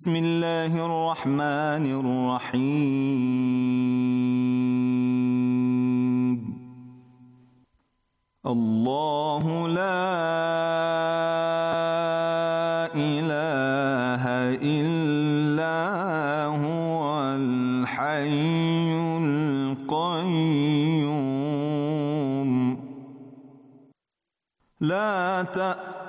بسم الله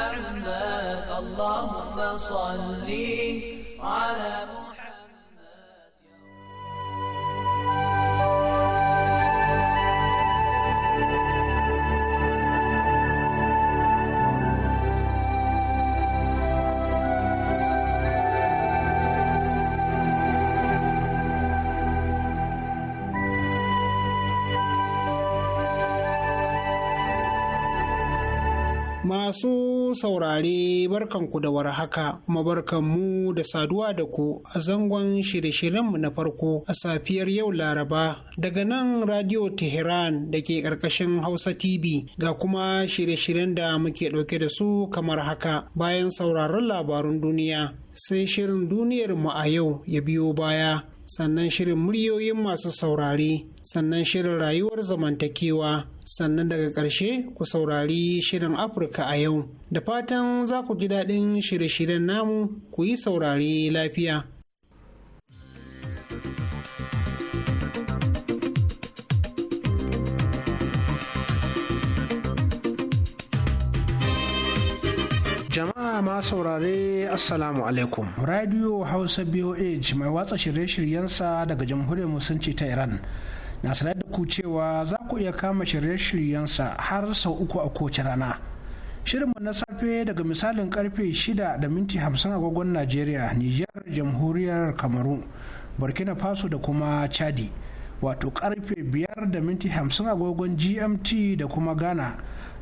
عمك اللهم صل على محمد saurare barkanku da warhaka kuma mu da saduwa da ku a zangon shirye-shiryenmu na farko a safiyar yau Laraba daga nan Radio Tehran da ke ƙarƙashin Hausa TV ga kuma shirye-shiryen da muke ɗauke da su kamar haka bayan sauraron labarun duniya sai shirin duniyar mu a yau ya biyo baya. sannan shirin muryoyin masu saurare sannan shirin rayuwar zamantakewa sannan daga ƙarshe ku saurari shirin afirka a yau da fatan za ku ji daɗin shirye-shiryen namu ku yi saurari lafiya. Jama'a ma saurare Assalamu alaikum. Radio Hausa boa mai watsa shirye-shiryensa daga Jamhuriyar Musulunci ta Iran. Na sanar da ku cewa za ku iya kama shirye-shiryensa har sau uku a kowace rana. Shirinmu na safe daga misalin karfe shida da minti 50 agogon Najeriya, Nijar, Jamhuriyar Kamaru, Burkina Faso da kuma Chadi. Wato karfe biyar da minti 50 agogon GMT da kuma Ghana.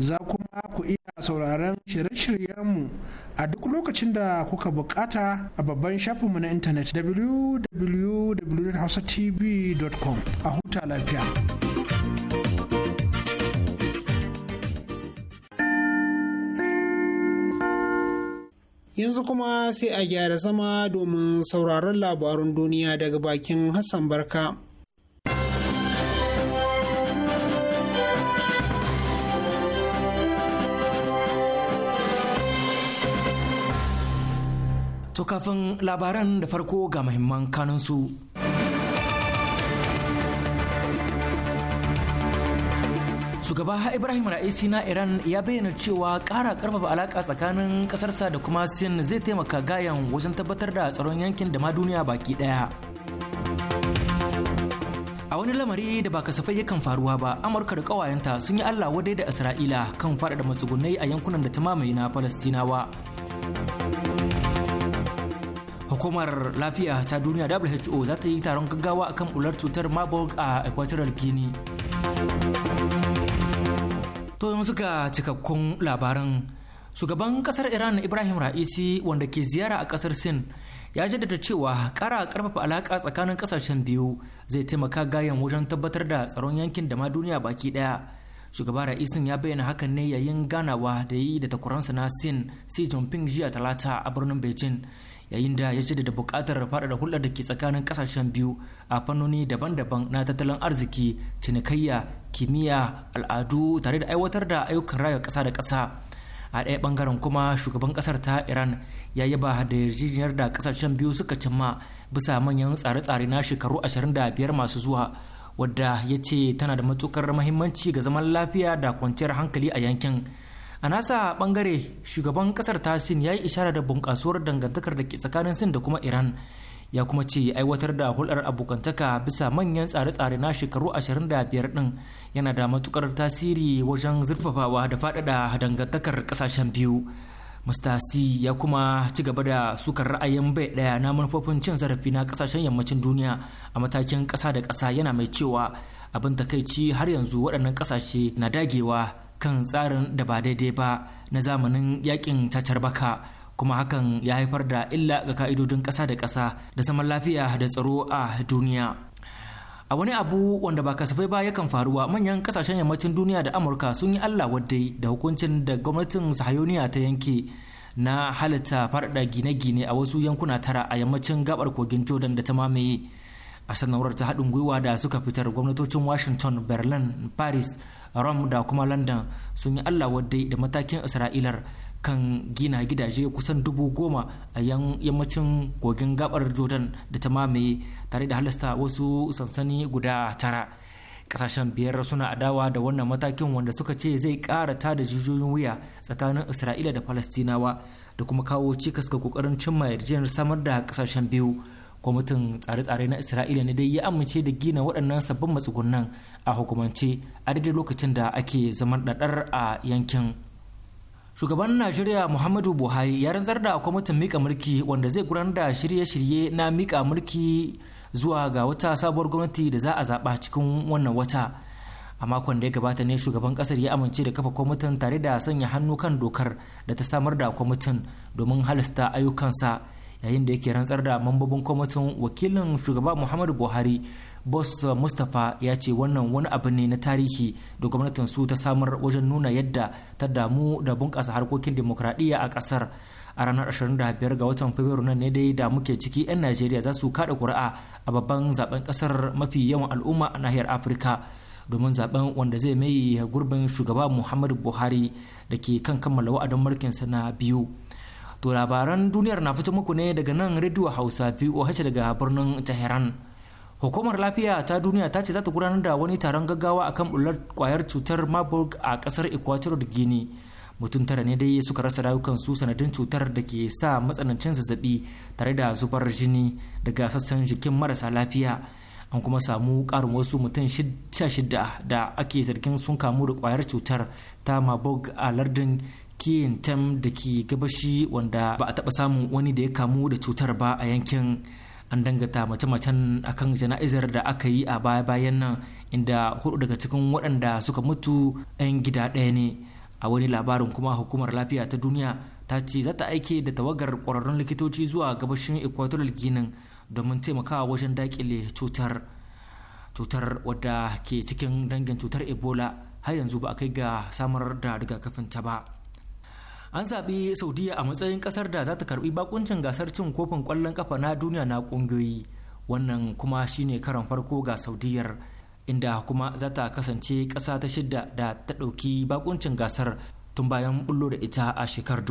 za kuma ku iya sauraron shirye-shiryenmu a duk lokacin da kuka bukata a babban shafinmu na intanet www.hausatv.com a huta lafiya. Yanzu kuma sai a gyara zama domin sauraron labarun duniya daga bakin Hassan Barka. To kafin labaran da farko ga mahimman kanansu. Shugaba Ibrahim Ra'isi na Iran ya bayyana cewa ƙara ƙarfafa alaƙa tsakanin ƙasarsa da kuma Sin zai taimaka gayan wajen tabbatar da tsaron yankin da ma duniya baki ɗaya. A wani lamari da ba kasafai yakan faruwa ba, Amurka da ƙawayenta sun yi Allah wadai da Isra'ila kan faɗaɗa matsugunai a yankunan da ta mamaye na Falastinawa. hukumar lafiya ta duniya who za ta yi taron gaggawa akan ular cutar marburg a equatorial guinea to yanzu ga cikakkun labaran shugaban kasar iran ibrahim ra'isi wanda ke ziyara a kasar sin ya jaddada cewa kara karfafa alaka tsakanin kasashen biyu zai taimaka gayan wajen tabbatar da tsaron yankin da ma duniya baki daya shugaba ra'isin ya bayyana hakan ne yayin ganawa da yi da takwaransa na sin xi jinping jiya talata a birnin beijing yayin da ya da jaddada buƙatar faɗaɗa hulɗar da ke tsakanin ƙasashen biyu a fannoni daban-daban na tattalin arziki cinikayya kimiyya al'adu tare da aiwatar da ayyukan raya ƙasa da ƙasa a ɗaya ɓangaren kuma shugaban ƙasar ta iran ya yaba da yarjejeniyar da ƙasashen biyu suka cimma bisa manyan tsare-tsare na shekaru ashirin da biyar masu zuwa wadda ya ce tana da matukar mahimmanci ga zaman lafiya da kwanciyar hankali a yankin a nasa bangare shugaban kasar ta sin ya yi ishara da bunkasuwar dangantakar da ke tsakanin sin da kuma iran ya kuma ce aiwatar da hulɗar abokantaka bisa manyan tsare-tsare na shekaru 25 ɗin yana da matukar tasiri wajen zurfafawa da faɗaɗa dangantakar ƙasashen biyu mustasi ya kuma ci gaba da sukar ra'ayin bai ɗaya na manufofin cin zarafi na ƙasashen yammacin duniya a matakin ƙasa da ƙasa yana mai cewa abin takaici har yanzu waɗannan ƙasashe na dagewa kan tsarin da ba daidai ba na zamanin yakin cacar baka kuma hakan ya haifar da illa ga ka'idodin ƙasa da ƙasa da zaman lafiya da tsaro a duniya a wani abu wanda ba kasafai ba yakan faruwa manyan kasashen yammacin duniya da amurka sun yi allah waddai da hukuncin da gwamnatin sahayoniya ta yanke na halitta farɗa gine-gine a wasu yankuna tara a yammacin gabar kogin jordan da ta mamaye a sanarwar ta haɗin gwiwa da suka fitar gwamnatocin washington berlin paris ram da kuma london sun yi allah wadai da matakin isra'ilar kan gina gidaje kusan dubu goma a yammacin kogin gabar jordan da ta mamaye tare da halasta wasu sansani guda tara kasashen biyar suna adawa da wannan matakin wanda suka ce zai kara ta da jijiyoyin wuya tsakanin isra'ila da falastinawa da kuma kawo cikas ga kokarin cimma yarjejeniyar samar da kasashen biyu kwamitin tsare-tsare na isra'ila ne dai ya amince da gina waɗannan sabbin matsugunan a hukumance a daidai lokacin da ake zaman ɗaɗar a yankin shugaban najeriya muhammadu buhari ya rantsar da kwamitin mika mulki wanda zai gudanar da shirye-shirye na mika mulki zuwa ga wata sabuwar gwamnati da za a zaɓa cikin wannan wata a makon da ya gabata ne shugaban kasar ya amince da kafa kwamitin tare da sanya hannu kan dokar da ta samar da kwamitin domin halasta ayyukansa yayin da yake rantsar da mambobin kwamitin wakilin shugaba muhammadu buhari boss mustapha ya ce wannan wani abu ne na tarihi da gwamnatin su ta samar wajen nuna yadda ta damu da bunƙasa harkokin demokradiyya a kasar. a ranar 25 ga watan fabrairu nan ne dai da muke ciki 'yan najeriya za su kada kuri'a a babban zaben kasar mafi yawan al'umma a nahiyar afirka domin zaben wanda zai mai gurbin shugaba muhammadu buhari da ke kan kammala wa'adin mulkinsa na biyu To labaran duniyar na fito muku ne daga nan Radio Hausa VOH daga birnin Tehran. Hukumar lafiya ta duniya ta ce za ta gudanar da wani taron gaggawa akan bullar kwayar cutar Marburg a kasar Equatorial gini Mutum tara ne dai suka rasa rayukansu sanadin cutar da ke sa matsanancin zazzabi tare da zubar jini daga sassan jikin marasa lafiya. an kuma samu karin wasu mutum shida da ake zargin sun kamu da kwayar cutar ta mabog a lardin kiyin tem da ke gabashi wanda ba a taɓa samun wani da ya kamu da cutar ba a yankin an dangata mace-macen akan jana'izar da aka yi a baya-bayan nan inda hudu daga cikin waɗanda suka mutu 'yan gida ɗaya ne a wani labarin kuma hukumar lafiya ta duniya ta ce za ta aike da tawagar ƙwararrun likitoci zuwa gabashin equatorial ginin domin taimakawa wajen daƙile cutar cutar wadda ke cikin dangin cutar ebola har yanzu ba a kai ga samar da rigakafin ta ba an zaɓi saudiya a matsayin ƙasar da za ta karɓi bakuncin gasar cin kofin ƙwallon ƙafa na duniya na ƙungiyoyi wannan kuma shine karan farko ga saudiyar inda kuma za ta kasance ƙasa ta shidda da ta ɗauki bakuncin gasar tun bayan bullo da ita a shekarar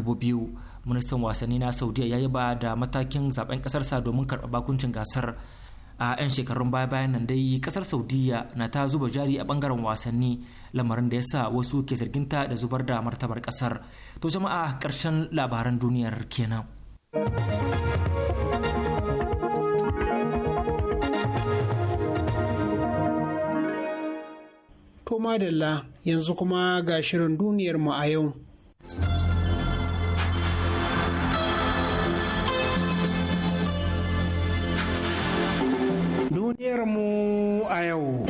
ministan wasanni na saudiya ya yaba da matakin zaben ƙasarsa domin karɓa bakuncin gasar a 'yan shekarun baya bayan nan dai ƙasar saudiya na ta zuba jari a ɓangaren wasanni lamarin da ya sa wasu ke zarginta da zubar da martabar ƙasar. to jama'a ƙarshen labaran duniyar kenan. To madalla yanzu kuma ga shirin duniyar mu a yau. Duniyar mu a yau.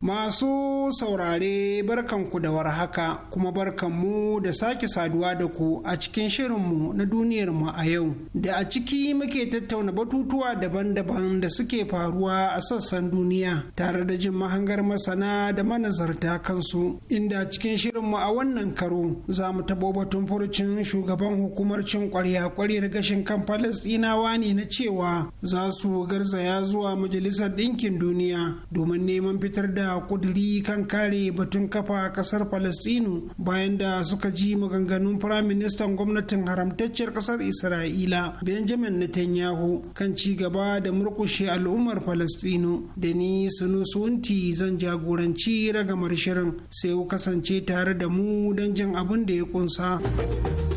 Masu saurare barkanku da warhaka kuma barkanmu da sake saduwa da ku a cikin shirinmu na duniyarmu a yau da a ciki muke tattauna batutuwa daban-daban da suke faruwa a sassan duniya tare da jin mahangar masana da manazarta kansu inda cikin shirinmu a wannan karo za mu tabo batun furcin shugaban hukumar cin kwarya kwaryar gashin kan Falasɗinawa ne na cewa za su garzaya zuwa majalisar ɗinkin duniya domin neman fitar da a kuduri kan kare batun kafa kasar Falastinu bayan da suka ji maganganun firaministan gwamnatin haramtacciyar kasar Isra'ila Benjamin Netanyahu kan ci gaba da murkushe al'ummar Falastinu da ni sunusunti zan jagoranci ragamar shirin sai kasance tare da mu don jin abin da ya kunsa.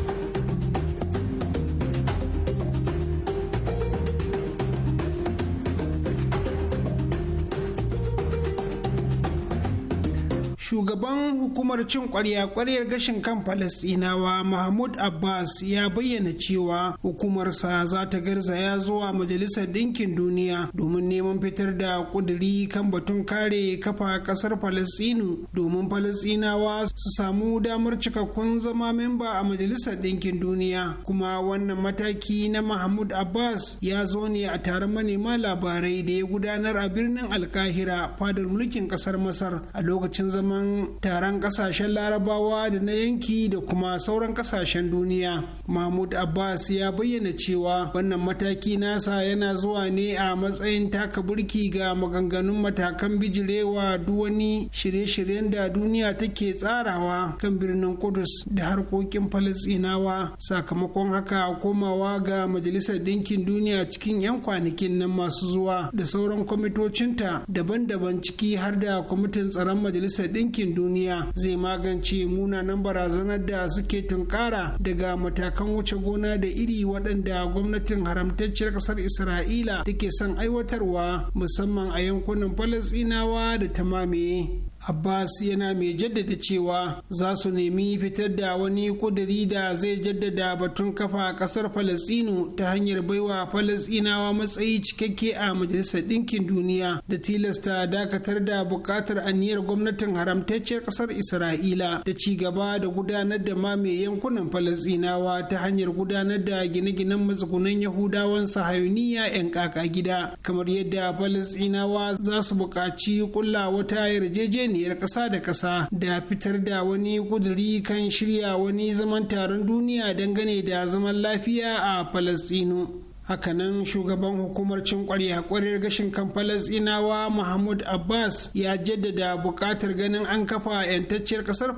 shugaban hukumar cin kwarya kwaryar gashin kan falasɗinawa mahmud abbas ya bayyana cewa hukumarsa za ta garzaya zuwa majalisar ɗinkin duniya domin neman fitar da kuduri kan batun kare kafa ƙasar falasɗinu domin falasɗinawa su samu damar cikakkun zama memba a majalisar ɗinkin duniya kuma wannan mataki na mahmud abbas ya zo ne a taron manema labarai da ya gudanar a birnin alkahira fadar mulkin ƙasar masar a lokacin zama babban taron kasashen larabawa da na yanki da kuma sauran kasashen duniya mahmud abbas ya bayyana cewa wannan mataki nasa yana zuwa ne a matsayin taka burki ga maganganun matakan bijirewa duwani shirye-shiryen da duniya take tsarawa kan birnin kudus da harkokin falasinawa sakamakon haka komawa ga majalisar ɗinkin duniya cikin 'yan kwanakin nan masu zuwa da sauran kwamitocinta daban-daban ciki har da kwamitin tsaron majalisar ɗinkin ɗinkin duniya zai magance munanan barazanar da suke tunkara daga matakan wuce gona da iri waɗanda gwamnatin haramtacciyar ƙasar isra'ila take son aiwatarwa musamman a yankunan falasɗinawa da ta mamaye Abbas yana mai jaddada cewa za su nemi fitar da wani kuduri da zai jaddada batun kafa kasar Falasinu ta hanyar baiwa Falasinawa matsayi cikakke a Majalisar Ɗinkin Duniya da tilasta dakatar da bukatar aniyar gwamnatin haramtacciyar ƙasar Isra'ila da cigaba gaba da gudanar da mame yankunan Falasinawa ta hanyar gudanar da gine-ginen matsugunan Yahudawan Sahayuniya 'yan kaka gida kamar yadda Falasinawa za su buƙaci kulla wata yarjejeniya yar ƙasa da ƙasa da fitar da wani ƙuduri kan shirya wani zaman taron duniya dangane da zaman lafiya a Falasɗinu. hakanan shugaban hukumar cin kwarya kwarar gashin kan palestinawa mahmud abbas ya jaddada buƙatar ganin an kafa 'yantacciyar ƙasar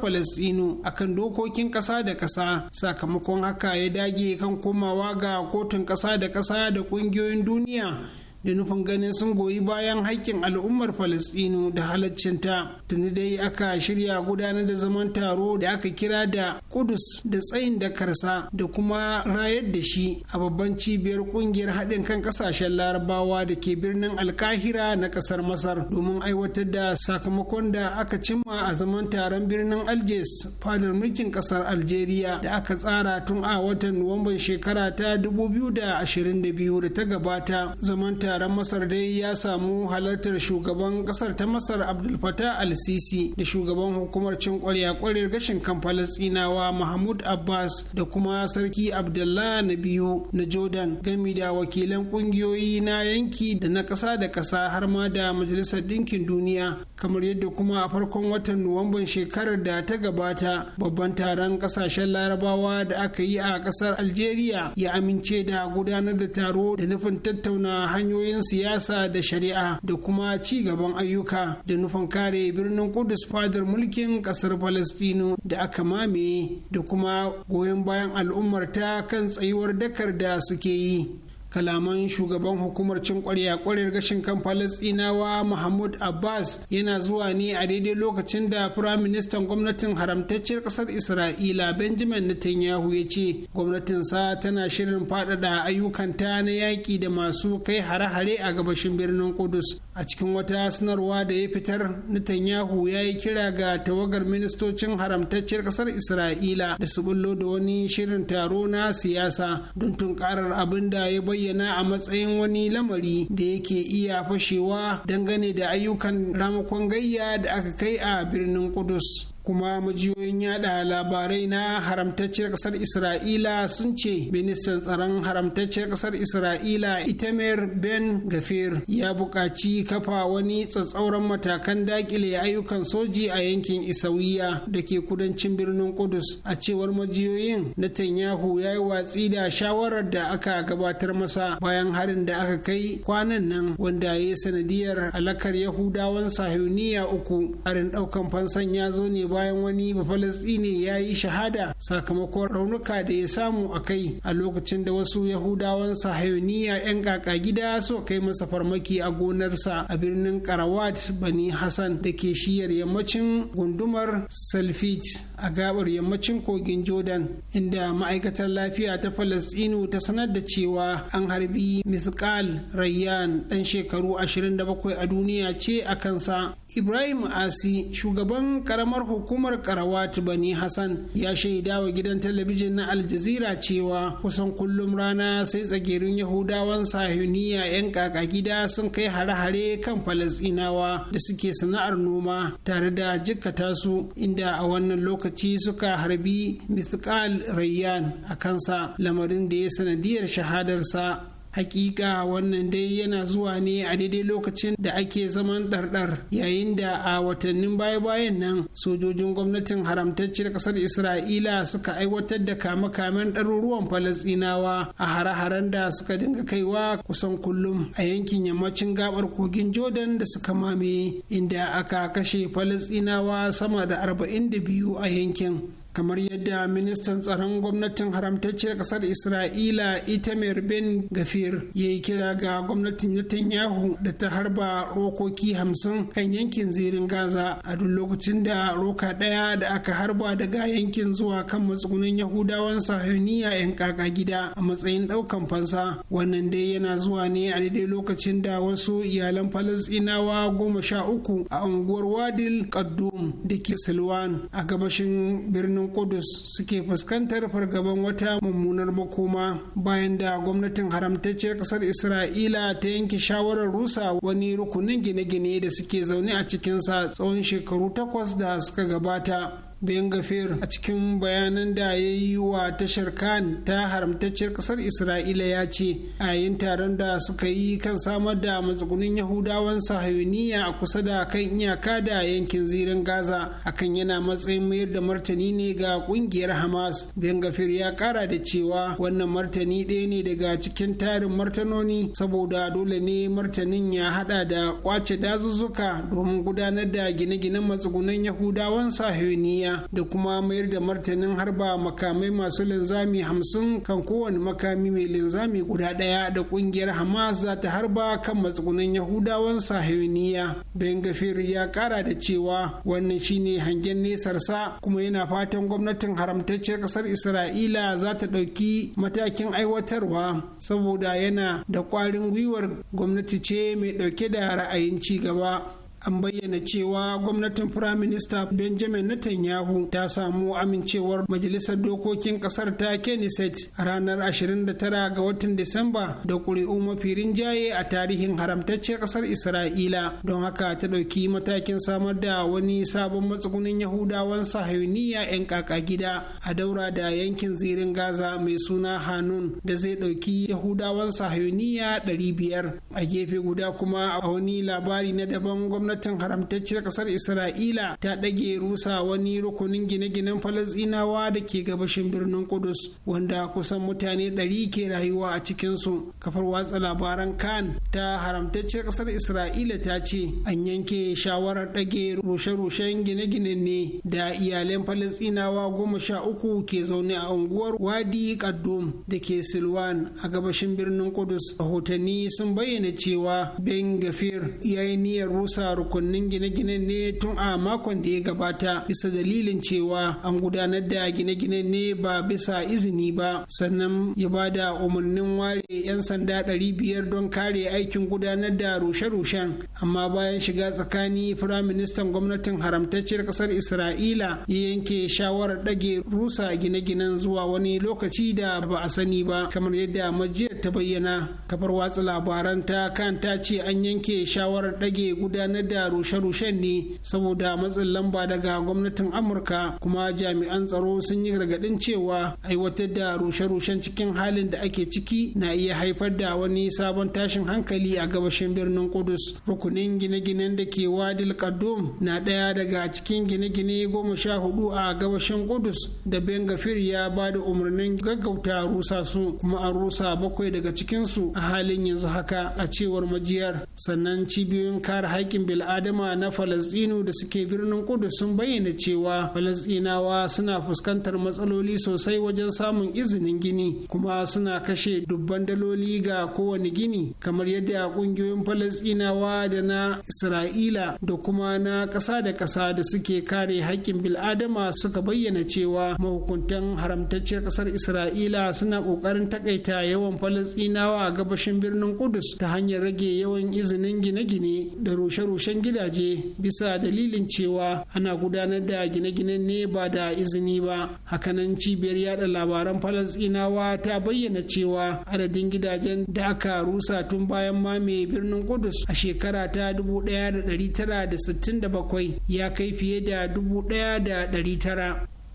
a kan dokokin ƙasa da ƙasa sakamakon haka ya dage kan komawa ga kotun ƙasa da ƙasa da ƙungiyoyin duniya da nufin ganin sun goyi bayan haƙƙin al'ummar falasɗinu da halaccinta tuni dai aka shirya gudanar da zaman taro da aka kira da kudus da tsayin dakarsa da kuma rayar da shi a babban cibiyar ƙungiyar haɗin kan ƙasashen larabawa da ke birnin alkahira na ƙasar masar domin aiwatar da sakamakon da aka cimma a zaman taron birnin aljes fadar mulkin ƙasar algeria da aka tsara tun a watan nuwamban shekara ta 2022 da ta gabata zaman taron taron masar dai ya samu halartar shugaban kasar ta masar abdul fatah al-sisi da shugaban hukumar cin kwarya kwarar gashin kan falastinawa mahmud abbas da kuma sarki abdullah na biyu na jordan gami da wakilan kungiyoyi na yanki da na kasa da kasa har ma da majalisar ɗinkin duniya kamar yadda kuma a farkon watan nuwamban shekarar da ta gabata babban taron kasashen larabawa da aka yi a kasar algeria ya amince da gudanar da taro da nufin tattauna hanyoyi kungiyoyin siyasa da shari'a da kuma ci gaban ayyuka da nufin kare birnin Kudus fadar mulkin ƙasar Falastino da aka mamaye da kuma goyon bayan al'ummar ta kan tsayuwar dakar da suke yi. kalaman shugaban hukumar cin kwarya kwarar gashin kan falastinawa mahmud abbas yana zuwa ne a daidai lokacin da firaministan gwamnatin haramtacciyar kasar isra'ila benjamin netanyahu ya ce gwamnatinsa tana shirin faɗaɗa ayyukanta na yaƙi da masu kai hare-hare a gabashin birnin kudus a cikin wata sanarwa da ya fitar netanyahu ya yi kira ga tawagar ministocin haramtacciyar kasar isra'ila da su bullo da wani shirin taro na siyasa don tunkarar abin da ya bayyana bayyana a matsayin wani lamari da yake iya fashewa dangane da ayyukan ramakon gayya da aka kai a birnin Kudus. kuma majiyoyin yada labarai na haramtacciyar kasar isra'ila sun ce ministan tsaron haramtacciyar kasar isra'ila itamer ben gafir ya buƙaci kafa wani tsatsauran matakan dakile ayyukan soji a yankin isawiya da ke kudancin birnin kudus a cewar majiyoyin netanyahu ya yi watsi da shawarar da aka gabatar masa bayan harin da aka kai kwanan nan wanda ya yi sanadiyar alakar yahudawan sahiyoniya uku harin ɗaukan fansan ya zo ne bayan wani bafalastine ya yi shahada sakamakon raunuka da ya samu a kai a lokacin da wasu yahudawan sahayoniya 'yan kaka gida suka kai masa farmaki a gonarsa a birnin karawat bani hassan da ke shiyar yammacin gundumar salfit a gabar yammacin kogin jordan inda ma'aikatar lafiya ta falastinu ta sanar da cewa an harbi misqal rayyan dan shekaru 27 a duniya ce a kansa ibrahim asi shugaban karamar hukumar hukumar karawatu bani hassan ya shaida wa gidan talabijin na aljazira cewa kusan kullum rana sai tsagerin yahudawan sahuniya 'yan kaka gida sun kai hare-hare kan falasinawa da suke sana'ar noma tare da jikata su inda a wannan lokaci suka harbi mithqal rayyan a kansa lamarin da ya sanadiyar shahadarsa hakika wannan dai yana zuwa ne a daidai lokacin da ake zaman ɗarɗar yayin da a watannin baya-bayan nan sojojin gwamnatin haramtacciyar ƙasar isra'ila suka aiwatar da kame-kamen ɗaruruwan falasɗinawa a hare-haren da suka dinga kaiwa kusan kullum a yankin yammacin gabar kogin jordan da suka mame inda aka kashe falasɗinawa sama da arba'in da biyu a yankin kamar yadda ministan tsaron gwamnatin haramtacciyar kasar isra'ila itamir ben gafir ya yi kira ga gwamnatin netanyahu da ta harba rokoki hamsin kan yankin zirin gaza a duk lokacin da roka ɗaya da aka harba daga yankin zuwa kan matsugunan yahudawan sahiniya 'yan kaka gida a matsayin ɗaukan fansa wannan dai yana zuwa ne a daidai lokacin da wasu iyalan falasɗinawa goma sha uku a unguwar wadil kaddum da ke silwan a gabashin birnin birnin Kudus suke fuskantar fargaban wata mummunar makoma bayan da gwamnatin haramtacciyar kasar Isra'ila ta yanke shawarar rusa wani rukunin gine-gine da suke zaune a cikinsa tsawon shekaru takwas da suka gabata. gafir a cikin bayanan da ya yi wa tashar kan ta haramtaccen kasar Isra'ila ya ce a yayin taron da suka yi kan samar da matsugunin Yahudawan sahayuniya a kusa da kan iyaka da yankin zirin Gaza akan yana matsayin mayar da martani ne ga kungiyar Hamas. gafir ya kara da cewa wannan martani ɗaya ne daga cikin tarin martanoni saboda dole ne martanin ya hada da kwace dazuzzuka domin gudanar da gine-ginen matsugunan Yahudawan sahayuniya da kuma mayar da martanin harba makamai masu linzami hamsin kan kowane makami mai linzami guda ɗaya da ƙungiyar hamas za ta harba kan matsugunan yahudawan sahiyoniya ben gafir ya ƙara da cewa wannan shine hangen nesarsa kuma yana fatan gwamnatin haramtacciyar ƙasar isra'ila za ta ɗauki matakin aiwatarwa saboda yana da ƙwarin gwiwar gwamnati ce mai ɗauke da ra'ayin ci gaba an bayyana cewa gwamnatin firaminista benjamin netanyahu ta samu amincewar majalisar dokokin kasar ta kenneset a ranar 29 ga watan disamba da ƙuri'u mafi rinjaye a tarihin haramtacciyar kasar isra'ila don haka ta ɗauki matakin samar da wani sabon matsugunin yahudawan sahayuniya 'yan kaka gida a daura da yankin zirin gaza mai suna hanun da zai ɗauki yahudawan sahayuniya 500 a gefe guda kuma a wani labari na daban gwamnati gwamnatin haramtacciyar kasar isra'ila ta ɗage rusa wani rukunin gine-ginen falasɗinawa da ke gabashin birnin kudus wanda kusan mutane ɗari ke rayuwa a cikinsu kafar watsa labaran kan ta haramtacciyar kasar isra'ila ta ce an yanke shawarar ɗage rushe-rushen gine-ginen ne da iyalan falasɗinawa goma sha uku ke zaune a unguwar wadi kaddum da ke silwan a gabashin birnin kudus rahotanni sun bayyana cewa ben gafir ya yi niyyar rusa rukunin gine-gine ne tun a makon da ya gabata bisa dalilin cewa an gudanar da gine-gine ne ba bisa izini ba sannan ya ba da umarnin ware 'yan sanda ɗari biyar don kare aikin gudanar da rushe-rushen amma bayan shiga tsakani firaministan gwamnatin haramtacciyar kasar isra'ila ya yanke shawarar ɗage rusa gine-ginen zuwa wani lokaci da ba a sani ba kamar yadda majiyar ta bayyana kafar watsa labaran ta kan ta ce an yanke shawarar ɗage gudanar da rushe-rushen ne saboda matsin lamba daga gwamnatin amurka kuma jami'an tsaro sun yi gargaɗin cewa aiwatar da rushe-rushen cikin halin da ake ciki na iya haifar da wani sabon tashin hankali a gabashin birnin kudus rukunin gine-ginen da ke wadil kadum na ɗaya daga cikin gine-gine goma sha hudu a gabashin kudus da bengafir ya ba da umarnin gaggauta rusa su kuma an rusa bakwai daga cikinsu a halin yanzu haka a cewar majiyar sannan cibiyoyin kare haƙƙin bil bil'adama na falasɗinu da suke birnin ƙudus sun bayyana cewa falasdinawa suna fuskantar matsaloli sosai wajen samun izinin gini kuma suna kashe dubban daloli ga kowane gini kamar yadda ƙungiyoyin falasdinawa da na isra'ila da kuma na ƙasa da ƙasa da suke kare haƙƙin bil'adama suka bayyana cewa mahukuntan haramtacciyar ƙasar isra'ila suna ƙoƙarin taƙaita yawan falasɗinawa a gabashin birnin kudus ta hanyar rage yawan izinin gine-gine da rushe-rushe rushe gidaje bisa dalilin cewa ana gudanar da gine gine ne ba da izini ba hakanan cibiyar yada labaran falasinawa ta bayyana cewa adadin gidajen da aka rusa tun bayan mame birnin kudus a shekara ta 1967 ya kai fiye da 1900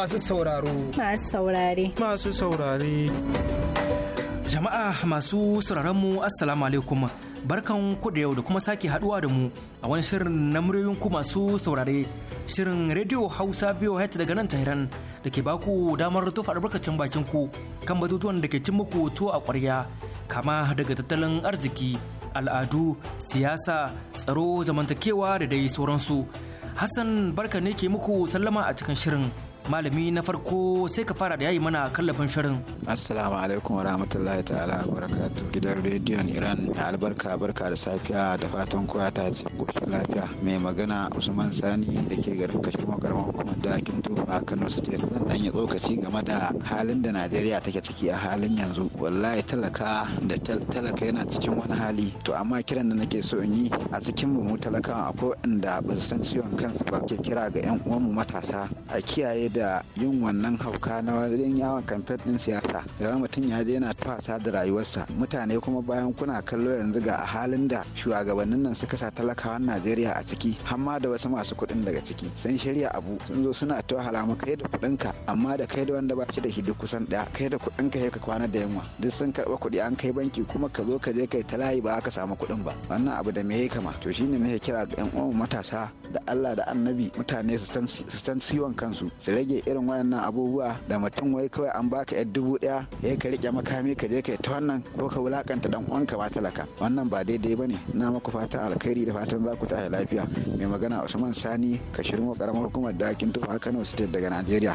masu sauraro. Masu saurare. Masu saurare. Jama'a masu sauraron mu Assalamu alaikum. Barkan ku da yau da kuma sake haduwa da mu a wani shirin na muryoyin ku masu saurare. Shirin Radio Hausa BOH daga nan Tehran da ke baku damar tofa albarkacin bakin ku kan batutuwan da ke cin muku tuwo a ƙwarya kama daga tattalin arziki, al'adu, siyasa, tsaro, zamantakewa da dai sauransu. Hassan barka ne ke muku sallama a cikin shirin. malami na farko sai ka fara da yayi mana kallafin shirin assalamu alaikum wa rahmatullahi ta'ala wa barakatuh gidan rediyon iran albarka barka da safiya da fatan kowa ta ce gobe lafiya mai magana usman sani da ke garin kashimo karamar hukumar dakin tofa kano state dan ya tsokaci game da halin da najeriya take ciki a halin yanzu wallahi talaka da talaka yana cikin wani hali to amma kiran da nake so in yi a cikin mu talaka akwai inda ba san ciwon kansu ba ke kira ga yan mu matasa a kiyaye da da yin wannan hauka na wajen yawon kamfen din siyasa gaba mutum ya je yana tawasa da rayuwarsa mutane kuma bayan kuna kallo yanzu ga halin da shugabannin nan suka sa talakawan najeriya a ciki hamma da wasu masu kuɗin daga ciki sun shirya abu sun zo suna ta halamu kai da kuɗinka amma da kai da wanda ba shi da shi duk kusan ɗaya kai da kuɗinka ya ka kwana da yamma duk sun karɓa kuɗi an kai banki kuma ka zo ka je kai ta layi ba aka samu kuɗin ba wannan abu da me ya kama to shine nake kira ga 'yan uwan matasa da Allah da annabi mutane su san ciwon kansu su rage irin wayannan abubuwa da mutum wai kawai an baka yar dubu daya ya ka rike makami ka je ka ta wannan ko ka wulakanta dan uwanka ba talaka wannan ba daidai ne na maku fatan alkhairi da fatan za ku tashi lafiya mai magana Usman Sani ka shirmo karamar hukumar dakin tufa Kano State daga Najeriya.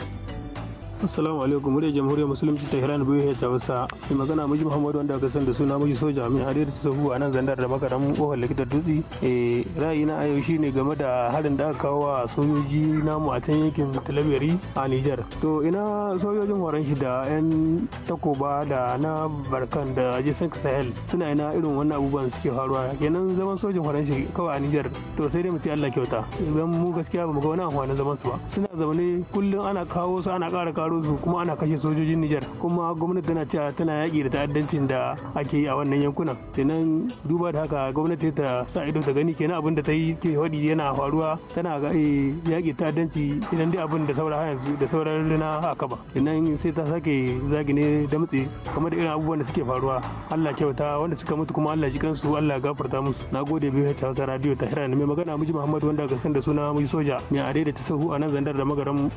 Assalamu alaikum muryar jamhuriyar musulunci ta Iran biyu ya wasa Mai magana miji Muhammadu wanda aka san da suna miji soja mai harir ta sahu a nan zandar da makaram kofar likitar dutse. Eh ra'ayina a yau shine game da harin da aka kawo wa sojoji namu a can yankin Talabiri a Niger. To ina sojojin horon shi da 'yan takoba da na Barkan da Jason Sahel suna ina irin wannan abubuwan suke faruwa. Kenan zaman sojin horon shi kawai a Niger. To sai dai mu Allah kyauta. Idan mu gaskiya ba mu ga wani amfanin zaman su ba. Suna zaune kullum ana kawo su ana ƙara karo barzo kuma ana kashe sojojin Nijar kuma gwamnati tana cewa tana yaƙi da ta'addancin da ake yi a wannan yankuna Sannan duba da haka gwamnati ta sa ido ta gani kenan abin da ta yi ke faɗi yana faruwa tana ga eh, yaƙi ta'addanci idan dai abin da saura yanzu da saura rina haka ba Sannan sai ta sake zagine damtse kamar da irin abubuwan da suke faruwa Allah kyauta wanda suka mutu kuma Allah ji kansu Allah gafarta musu nagode biyu ta radio ta hira mai magana miji Muhammad wanda ga sanda da suna mai soja mai adai da ta sahu a nan zandar da magaran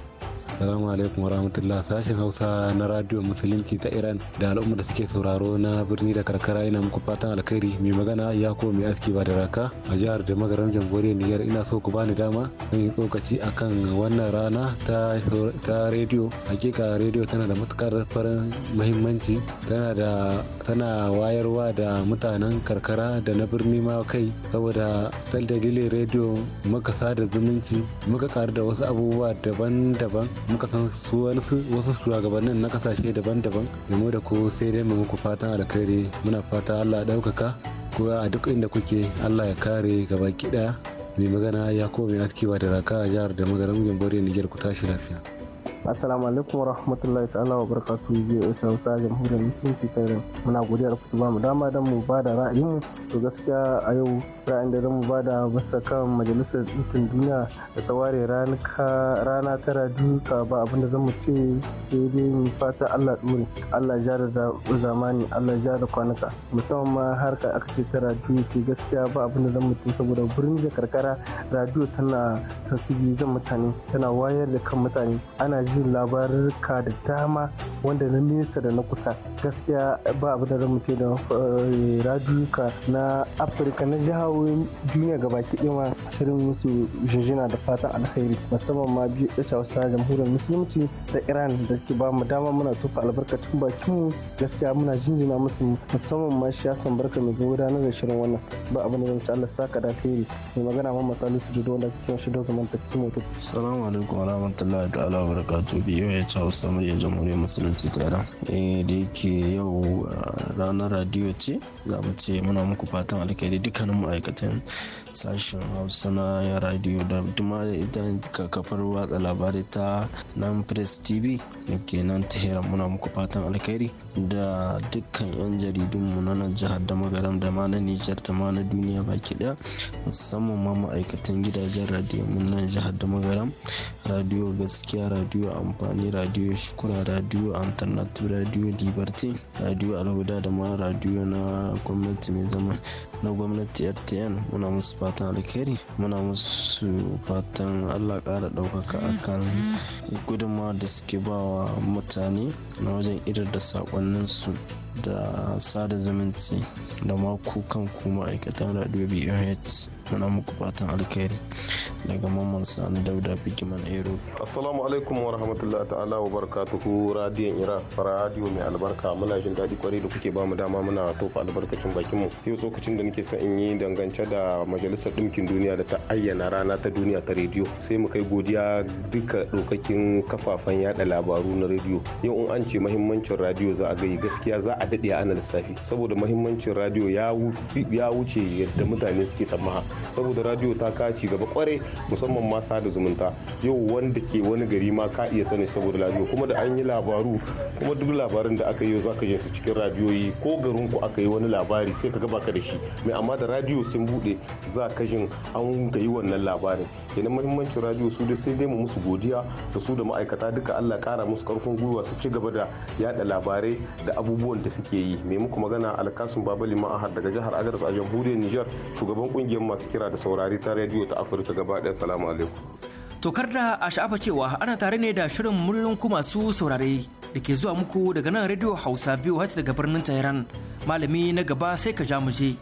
Salamu alaikum rahmatullah sashen Hausa na Radio Musulunci ta Iran da al'umma da suke sauraro na birni da karkara ina muku fatan alkhairi mai magana ya ko mai aski ba da raka a jihar da magaran jamhuriyar Niger ina so ku bani dama zan yi tsokaci akan wannan rana ta ta rediyo hakika rediyo tana da matukar farin muhimmanci tana da tana wayarwa da mutanen karkara da na birni ma kai saboda tal dalilin rediyo muka sada zumunci muka karu da wasu abubuwa daban-daban muka san su wani wasu shugabannin na kasashe daban-daban da da ku sai dai muku fatan alkhairi muna fata Allah ɗaukaka ko a duk inda kuke Allah ya kare baki daya mai magana ya kome aski ba da raka a jihar da magaram jamboree niger ku tashi lafiya. assalamu alaikum warahmatullahi ta'ala wa a biyu ta hausa jamhuriyar musulunci ta muna godiya da kuka ba mu dama don mu ba da ra'ayin to gaskiya a yau ra'ayin da mu ba da basa kan majalisar ɗinkin duniya da ta ware rana radu ka ba abin da mu ce sai dai mu fata allah ɗore allah ja da zamani allah ja da kwanuka musamman ma harka aka ce ta radiyo ce gaskiya ba abin da mu ce saboda birnin da karkara radiyo tana zan mutane tana wayar da kan mutane ana ji jin labarurka da dama wanda na nesa da na kusa gaskiya ba abu da zamu ce da eh, radiyuka na afirka na jihohin duniya gabaki ɗaya shirin musu jinjina da fatan alkhairi musamman ma biyu da hausa jamhuriyar musulunci da iran da ke ba mu dama muna tofa albarkacin mu gaskiya muna jinjina musu musamman ma shi yasan barka mai gudanar da shirin wannan ba abu ne da mutu allah saka da alkhairi mai magana mamman salisu da wanda kake shi dokumentar su mutu. salamu alaikum wa rahmatullahi ta'ala wa wato biyu ya ci hausa murya jamhuriyar musulunci ta iran eh, da yake yau ah, ranar radiyo ce za mu ce muna muku fatan alkhairi dukkanin ma'aikatan sashen hausa na ya radio da da ita kafar watsa labarai ta nan press tv da ke nan tehran muna muku fatan alkhairi da dukkan yan jaridunmu na nan jihar da magaram da ma na nijar da ma na duniya baki daya musamman ma ma'aikatan gidajen radio mun nan jihar da magaram radio gaskiya radio amfani radio shukura radio alternative radio liberty radio alhuda da ma radio na gwamnati mai zama na gwamnati rtn muna musu fatan alkhairi muna musu fatan allah ƙara ɗaukaka akan gudunmawa da suke bawa mutane na wajen idar da saƙonninsu da sada zumunci da ma ku kanku ma'aikatan radio BOH suna muku fatan alkhairi daga mamman sani dauda fikiman ero assalamu alaikum wa rahmatullahi ta'ala wa barakatuhu radiyon ira radiyo mai albarka muna jin daɗi kwarai da kuke bamu dama muna tofa albarkacin bakin mu yau tsokacin da nake son in yi dangance da majalisar ɗinkin duniya da ta ayyana rana ta duniya ta rediyo sai mu kai godiya duka dokakin kafafen yada labaru na rediyo yau in an ce mahimmancin radiyo za a gai gaskiya za a daɗe ana lissafi saboda mahimmancin radio ya wuce yadda mutane suke tsammaha saboda radio ta kaci gaba kwarai musamman ma sada zumunta yau wanda ke wani gari ma ka iya sani saboda radio kuma da an yi labaru kuma duk labarin da aka yi zaka yin su cikin radiyoyi ko garin ku aka yi wani labari sai ka gaba ka da shi mai amma da radio sun bude za ka jin an ka yi wannan labarin kenan mahimmancin radio su dai sai dai mu musu godiya da su da ma'aikata duka Allah kara musu karfin gwiwa su ci gaba da yada labarai da abubuwan da suke yi mai muku magana alkasun babali ma'ahar daga jihar agadas a jamhuriyar nijar shugaban kungiyar masu kira da saurari ta rediyo ta afirka gaba daya salamu alaikum tokar da a sha'afa cewa ana tare ne da shirin murnin ku masu saurare da ke zuwa muku daga nan rediyo hausa biyu hajji daga birnin tehran malami na gaba sai ka ja mu je.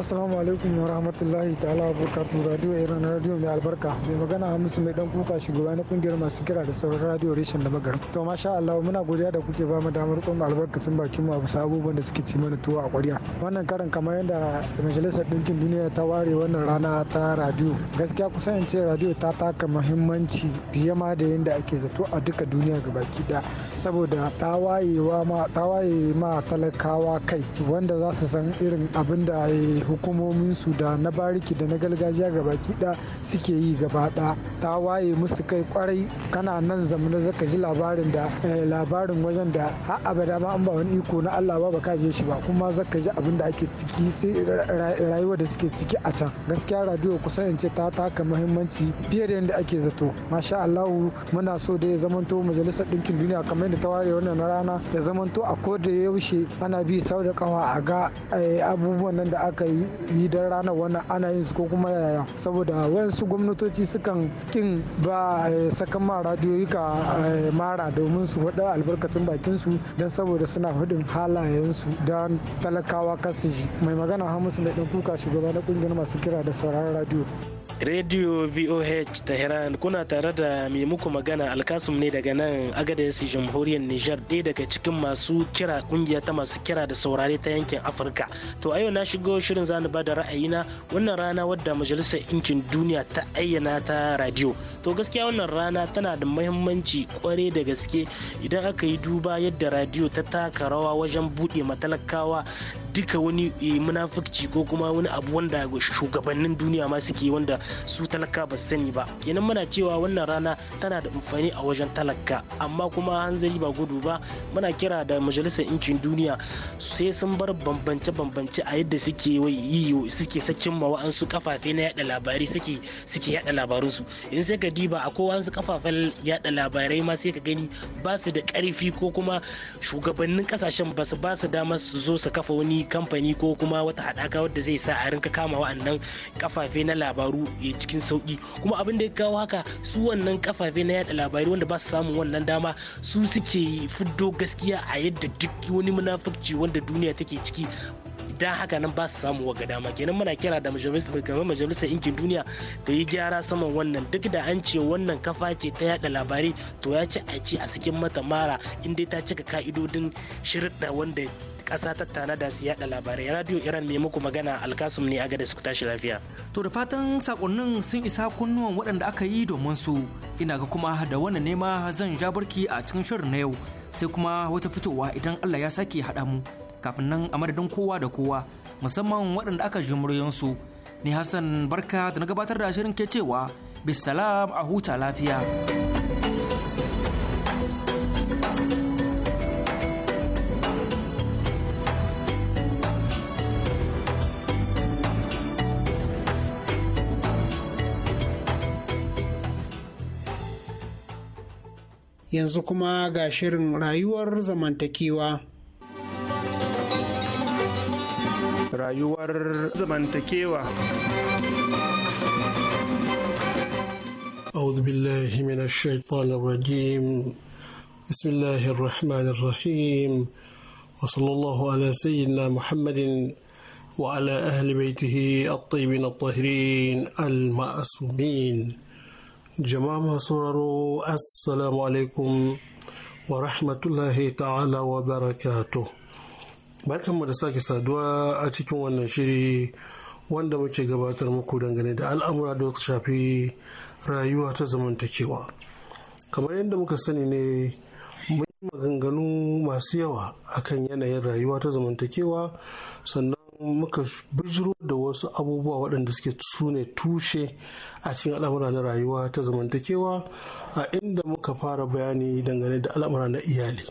assalamu alaikum wa rahmatullahi ta'ala wa barakatuhu radio iran radio mai albarka mai magana hamisu mai dan kuka shugaba na kungiyar masu kira da sauran radio reshen da magarin to masha Allah muna godiya da kuke ba mu damar tsoma sun bakin mu a bisa abubuwan da suke ci mana tuwo a ƙwarya wannan karin kamar yadda majalisar ɗinkin duniya ta ware wannan rana ta radio gaskiya kusan in ce radio ta taka muhimmanci fiye ma da yadda ake zato a duka duniya ga baki ɗaya saboda ta waye ma talakawa kai wanda za su san irin abin da hukumomin su da na bariki da na gargajiya gabaki da suke yi gaba ta waye musu kai kwarai kana nan zamana zaka ji labarin da eh, labarin wajen da har abada ma an ba wani iko na Allah ba baka je shi ba kuma zaka ji abin da ake ciki sai rayuwa da suke ciki a can gaskiya radio kusan in ce ta taka muhimmanci fiye da yadda ake zato masha Allah muna so da ya zamanto majalisar ɗinkin duniya kamar yadda ta ware wannan rana ya zamanto a ko da yaushe ana bi sau da kawa a ga eh, abubuwan nan da aka yi yi dan rana wannan ana yin su ko kuma yaya saboda wayansu gwamnatoci sukan kin ba eh, sakan ma radiyoyi ka eh, mara domin su faɗa albarkacin bakin su don saboda suna halayen halayensu don talakawa kasu mai magana hamisu mai dan kuka shugaba na kungiyar masu kira da sauraron radiyo Radio VOH Tehran kuna tare da mai muku magana Alkasum ne daga nan Agadez Jamhuriyar Nijar ɗaya daga cikin masu kira kungiya ta masu kira da saurare ta yankin Afirka. To a yau na shigo shirin shirin zani ba da ra'ayina wannan rana wadda majalisar ɗinkin duniya ta ayyana ta radio to gaskiya wannan rana tana da muhimmanci kwarai da gaske idan aka yi duba yadda radio ta taka rawa wajen buɗe matalakawa duka wani eh, munafurci ko kuma wani abu wanda shugabannin duniya ma suke wanda su talaka ba sani ba kenan muna cewa wannan rana tana da amfani a wajen talaka amma kuma hanzari ba gudu ba muna kira da majalisar ɗinkin duniya sai sun bar bambance-bambance a yadda suke yi suke sakin ma wa'ansu kafafe na yada labarai suke suke yada labarunsu in sai ka diba a su kafafen yada labarai ma sai ka gani ba su da karfi ko kuma shugabannin kasashen ba su ba su dama su zo su kafa wani kamfani ko kuma wata hadaka wadda zai sa a rinka kama wa'annan kafafe na labaru cikin sauki kuma abin da ya kawo haka su wannan kafafe na yada labarai wanda ba su samun wannan dama su suke fiddo gaskiya a yadda duk wani munafurci wanda duniya take ciki dan haka nan ba su samu wa dama kenan muna kira da majalisar inkin duniya da yi gyara saman wannan duk da an ce wannan kafa ce ta yada labari to ya ci a ci a cikin mata mara inda ta cika ka'idodin shirɗa wanda kasa tattana da su yada labarai radio iran ne muku magana alkasum ne a da su tashi lafiya to da fatan sakonnin sun isa kunnuwan waɗanda aka yi domin su ina ga kuma da wannan nema zan ja barki a cikin shirin na yau sai kuma wata fitowa idan allah ya sake haɗa mu kafin nan a madadin kowa da kowa musamman waɗanda aka ji muryoyinsu ni hassan barka da na gabatar da shirin ke cewa bisalam a huta lafiya yanzu kuma ga shirin rayuwar zamantakewa rayuwar zamantakewa. أعوذ بالله من الشيطان الرجيم بسم الله الرحمن الرحيم وصلى الله على سيدنا محمد وعلى أهل بيته الطيبين الطاهرين المعصومين جماعة سرروا السلام عليكم ورحمة الله تعالى وبركاته barkanmu da sake saduwa a cikin wannan shiri wanda muke gabatar muku dangane da al'amura da suka shafi rayuwa ta zamantakewa kamar yadda muka sani ne mun maganganu masu yawa a kan yanayin rayuwa ta zamantakewa sannan muka bijiro da wasu abubuwa waɗanda suke sune tushe a cikin al'amura na rayuwa ta zamantakewa a inda muka fara bayani dangane da al'amura na iyali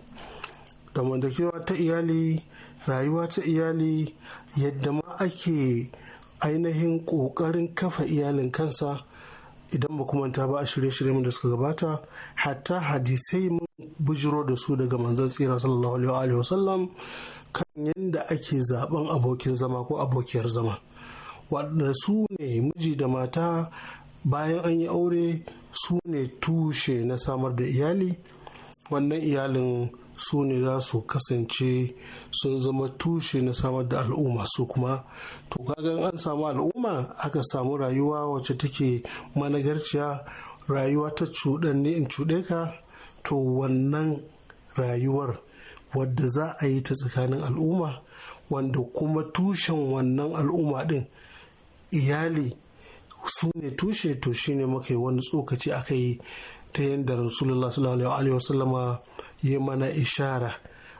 zamantakewa ta iyali rayuwa ta iyali yadda ma ake ainihin ƙoƙarin kafa iyalin kansa idan ba manta ba a shirye-shirye da suka gabata hatta hadisai mun bujiro da su daga manzon tsira sallallahu alaihi wa wasallam kan yadda ake zaben abokin zama ko abokiyar zama waɗanda su ne miji da mata bayan an yi aure su ne tushe na samar da iyali wannan iyalin su ne za su kasance sun zama tushe na samar da al'umma su kuma to kagan an samu al'umma aka samu rayuwa wacce take managarciya rayuwa ta cuɗanne in cuɗe ka to wannan rayuwar wadda za a yi ta tsakanin al'umma wanda kuma tushen wannan al'umma ɗin iyali su ne tushe to shine muka yi wani tsokaci aka yi ta yadda rasulullah sallallahu alaihi wasallama yi mana ishara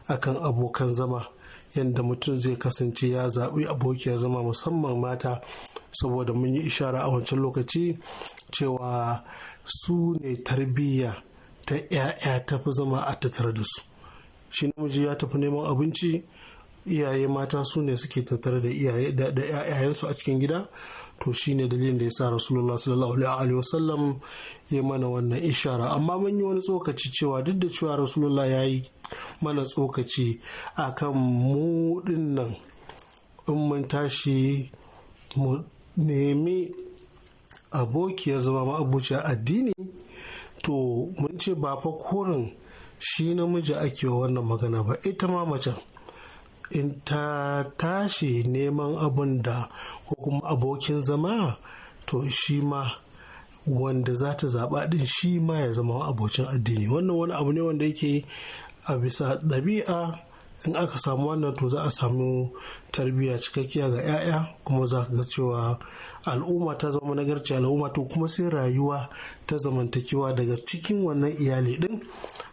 akan abokan zama yadda mutum zai kasance ya zaɓi abokiyar zama musamman mata saboda mun yi ishara a wancan lokaci cewa su ne tarbiyya ta 'ya'ya tafi zama a tattara da su shi namiji ya tafi neman abinci iyaye mata su ne suke tattare da 'ya'yansu a cikin gida to shine dalilin da ya sa rasulullah sallallahu alaihi Sallam ya mana wannan ishara amma mun yi wani tsokaci cewa duk da cewa rasulullah ya yi mana tsokaci akan mu nan in mun tashi mu nemi abokiyar zama ma'abuciya addini to mun ce ba fa korin shi namiji ake wa wannan magana ba ita ma macen in ta tashi neman abun da ko kuma abokin zama to shi ma wanda za ta zaɓa ɗin shi ma ya zama abokin addini wannan wani abu ne wanda yake a bisa ɗabi'a in aka samu wannan to za a samu tarbiyya cikakkiya ga 'ya'ya kuma za ka ga cewa al'umma ta zama nagarci al'umma to kuma sai rayuwa ta zamantakewa daga cikin wannan iyali din?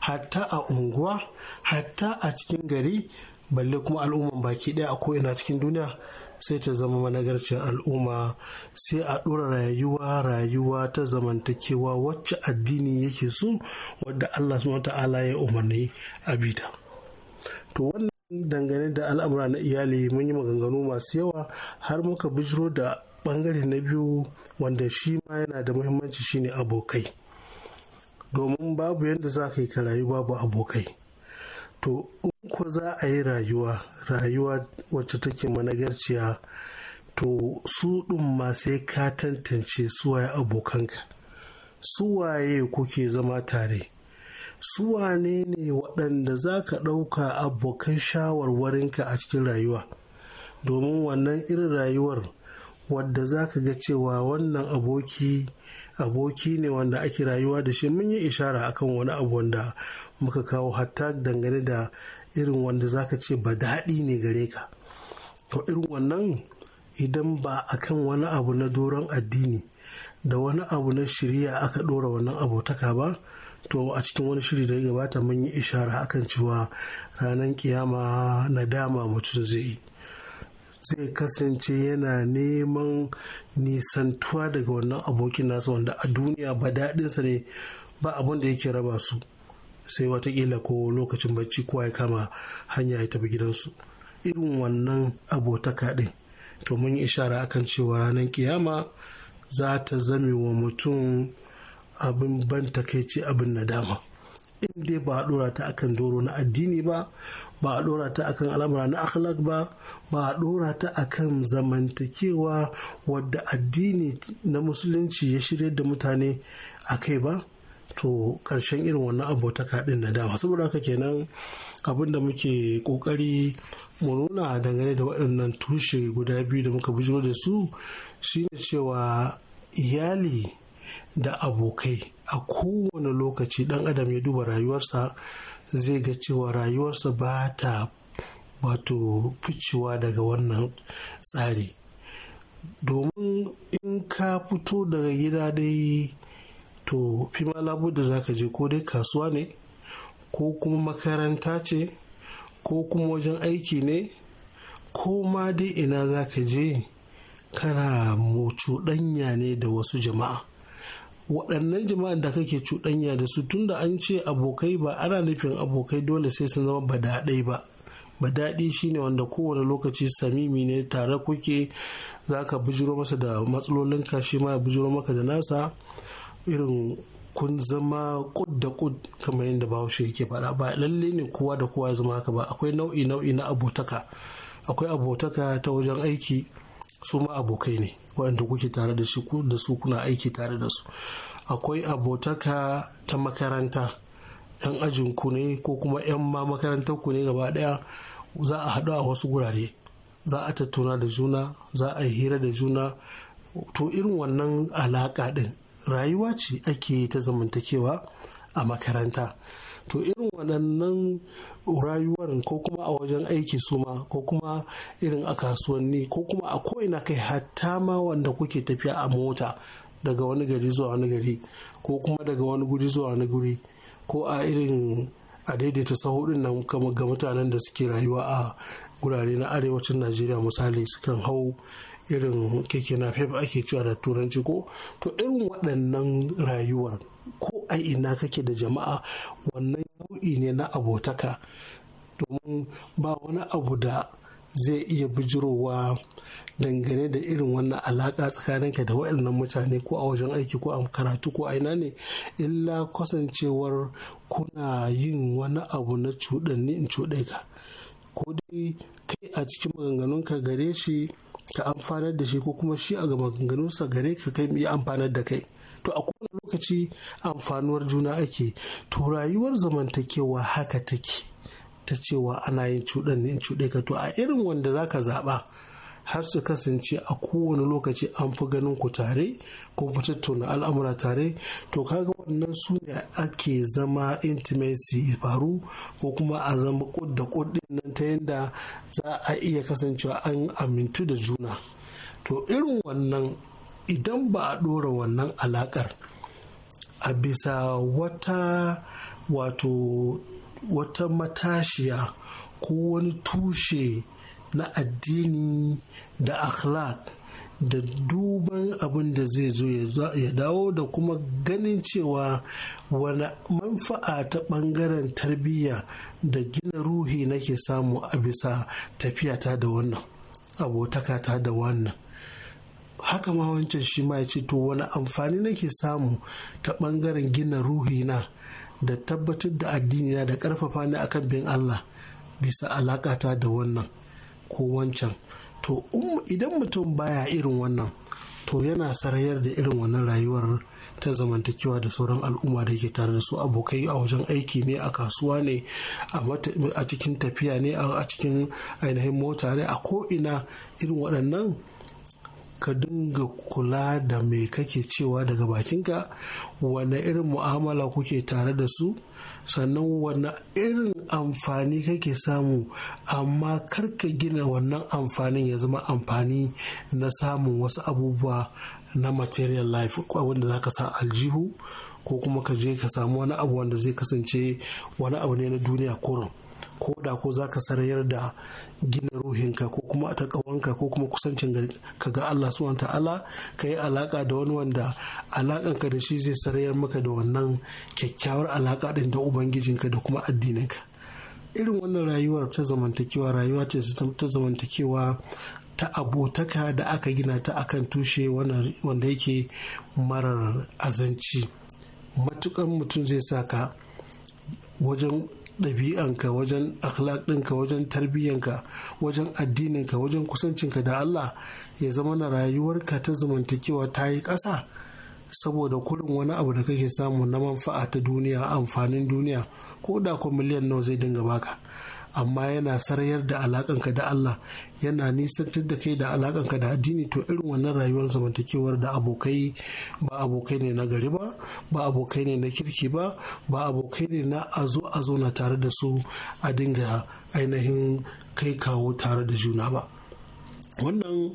hatta a unguwa hatta a cikin gari balle kuma al'umman baki ɗaya a ko'ina cikin duniya sai ta zama managarcin al'umma sai a ɗora rayuwa rayuwa ta zamantakewa wacce addini yake so wadda Allah su ta'ala ya umarni a bita to wannan dangane da al'amura na iyali mun yi maganganu masu yawa har muka bijiro da bangare na biyu wanda shi ma yana da muhimmanci shine abokai domin babu yadda za ka yi ka rayu babu abokai to ko za a yi rayuwa rayuwa wacce take managarciya to su ɗin ma sai ka tantance suwaye abokanka suwaye kuke zama tare suwane ne waɗanda za ka ɗauka abokan shawarwarinka a cikin rayuwa domin wannan irin rayuwar wadda za ka ga cewa wannan aboki aboki ne wanda ake rayuwa da shi mun yi ishara akan wani abu wanda muka kawo hatta dangane da irin wanda za ka ce ba daɗi ne gare ka to irin wannan idan ba a kan wani abu na doron addini da wani abu na shirya aka ɗora wannan abotaka ba to a cikin wani shiri da ya gabata mun yi ishara akan cewa ranar kiyama nadama mutum zai yi zai kasance yana neman nisantuwa daga wannan abokin nasa wanda a duniya ba daɗinsa ne ba abin da yake raba su sai watakila ko lokacin bacci ko ya kama hanya ya tafi gidansu irin wannan abotaka ɗin to mun yi ishara akan cewa ranar kiyama za ta zame wa mutum abin ban takaici abin nadama in dai ba a dora ta akan doro na addini ba ba a dora ta akan al'amura na akhlaq ba ba a dora ta akan zamantakewa wadda addini na musulunci ya shirya da mutane a kai ba to ƙarshen irin wannan abotaka ɗin na dama, saboda haka kenan abin da muke ƙoƙari mu nuna dangane da waɗannan tushe guda biyu da muka bujiro da su shine cewa iyali da abokai a kowane lokaci ɗan adam ya duba rayuwarsa zai ga cewa rayuwarsa ba ta wato ficewa daga wannan tsari domin in ka fito daga gida dai to fi ma da zaka je ko dai kasuwa ne ko kuma makaranta ce ko kuma wajen aiki ne ko ma dai ina zaka je kana cuɗanya ne da wasu jama'a waɗannan jama'an da kake cuɗanya da su tunda an ce abokai ba ana nufin abokai dole sai sun zama ba badaɗai ba badaɗi shine wanda kowane lokaci samimi ne tare kuke za ka bijiro masa da matsalolin shi ma ya bijiro maka da nasa irin kun zama kud da kud kamar yadda bahaushe yake faɗa ba lalle ne kowa da kowa ya zama haka ba akwai nau'i nau'i na abotaka akwai abotaka ta wajen aiki su ma abokai ne waɗanda kuke tare da shi da su kuna aiki tare da su akwai abotaka ta makaranta yan ajin ku ne ko kuma yan ma makarantar ku ne gaba ɗaya za a haɗu a wasu gurare za a tattauna da juna za a yi hira da juna to irin wannan alaƙa ɗin rayuwa ce ake ta zamantakewa a makaranta to irin waɗannan rayuwar ko kuma a wajen aiki suma ma ko kuma irin a kasuwanni ko kuma a ko'ina kai hatta ma wanda kuke tafiya a mota daga wani gari zuwa wani gari ko kuma daga wani guri zuwa wani guri ko a irin a daidaita sahudin nan ga mutanen da suke rayuwa a gurare na arewacin najeriya misali sukan hau irin keke na ake cewa da turanci ko to irin waɗannan rayuwar ko a ina kake da jama'a wannan nau'i ne na abotaka domin ba wani abu da zai iya bijirowa dangane da irin wannan alaƙa tsakaninka da waɗannan mutane ko a wajen aiki ko a karatu ko a ina ne illa kasancewar kuna yin wani abu na cuɗanni in cuɗe ka ko dai kai a cikin maganganunka gare shi ka amfanar da shi ko kuma shi a sa gare ka kai ya amfanar da kai to a kowane lokaci amfanuwar juna ake to rayuwar zamantakewa haka take ta cewa ana yin cuɗan cuɗe ka to a irin wanda zaka zaɓa har su kasance a kowane lokaci an fi ganin ku tare ko fi tattauna al'amura tare to kaga wannan su ne ake zama intimacy faru ko kuma a zama kud da nan ta yadda za a iya kasancewa an amintu da juna to irin wannan idan ba a ɗora wannan alaƙar, a bisa wata wato wata matashiya ko wani tushe na addini da akhlaq da duban abin da zai zo ya dawo da kuma ganin cewa wani manfa'a ta ɓangaren tarbiyya da gina ruhi nake samu a bisa tafiyata da wannan abotakata da wannan haka ma wancan shi ma ya ce to wani amfani nake samu ta ɓangaren gina ruhi na da tabbatar da addini na da karfafa ni akan bin Allah bisa alaƙata da wannan ko wancan to idan mutum baya irin wannan to yana sarayar da irin wannan rayuwar ta zamantakewa da sauran al'umma da ke tare da su abokai a wajen aiki ne a kasuwa ne a cikin tafiya ne a cikin ainihin mota ne a ko'ina irin waɗannan ka dinga kula da me kake cewa daga bakinka wane irin mu'amala kuke tare da su sannan wani irin amfani kake samu amma karka gina wannan amfanin ya zama amfani na samun wasu abubuwa na material life wanda za ka sa aljihu ko kuma ka je ka samu wani abu wanda zai kasance wani abu ne na duniya kurum ko da ko za ka sarayar da gina ruhinka ko kuma a taƙawanka ko kuma kusancin ka ga Allah wanta ta'ala ka yi alaƙa da wani wanda alaƙanka da shi zai sarayar maka da wannan kyakkyawar alaƙa ɗin da ubangijinka da kuma addininka irin wannan rayuwar ta zamantakewa rayuwa ce ta zamantakewa ta abotaka da aka gina ta akan tushe wanda yake marar azanci matukan mutum zai sa ka wajen ɗabi'anka wajen akhlaq ɗinka wajen tarbiyyanka wajen addininka wajen kusancinka da Allah ya zama na rayuwarka ta zamantakewa ta yi ƙasa saboda kurin wani abu da kake samu na manfa'a ta duniya amfanin duniya ko da kwa miliyan nawa zai dinga baka amma yana sarayar da alakanka da Allah yana nisantar da kai da alakanka da addini to irin wannan rayuwar zamantakewar da abokai ba abokai ne na gari ba ba abokai ne na kirki ba ba abokai ne na a zo a zauna tare da su a dinga ainihin kai kawo tare da juna ba wannan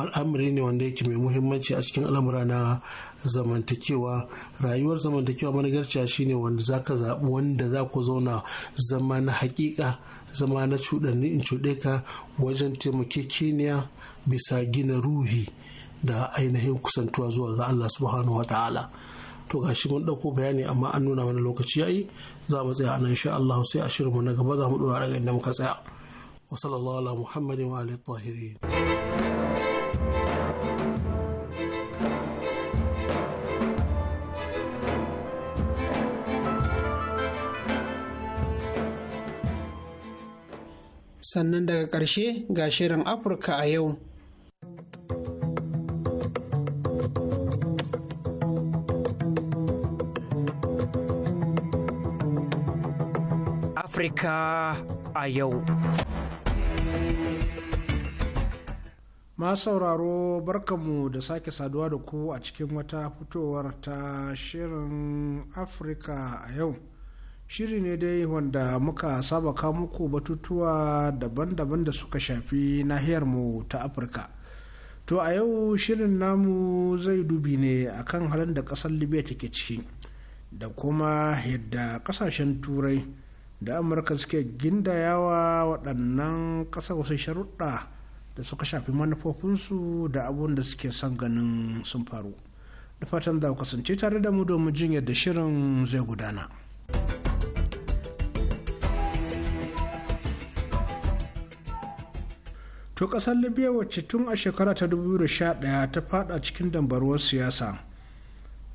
al'amari ne wanda yake mai muhimmanci a cikin al'amura na zamantakewa rayuwar zamantakewa managarciya shine wanda za ka zaɓi wanda za ku zauna zama na haƙiƙa zama na cuɗanni in cuɗe ka wajen taimakekeniya bisa gina ruhi da ainihin kusantuwa zuwa ga Allah subhanahu wa ta'ala to ga shi mun ɗauko bayani amma an nuna mana lokaci yayi za mu tsaya anan insha Allah sai a shirinmu na gaba za mu ɗora daga inda muka tsaya wa sallallahu ala muhammadin wa alihi tahirin sannan daga ƙarshe ga shirin afirka a yau Afirka a yau. Masu sauraro "Barkamu" da sake saduwa da ku a cikin wata fitowar ta shirin Afirka a yau. shiri ne dai wanda muka saba muku batutuwa daban-daban da suka shafi nahiyarmu ta afirka to a yau shirin namu zai dubi ne akan halin da kasar libya take ciki da kuma yadda kasashen turai da amurka suke gindayawa waɗannan ƙasar wasu sharuɗa da suka shafi manufofinsu da abun da suke son ganin sun faru da fatan za ku kasance tare da mu domin jin yadda shirin zai gudana. to kasar libya wacce tun a shekara ta 2011 ta fada cikin dambarwar siyasa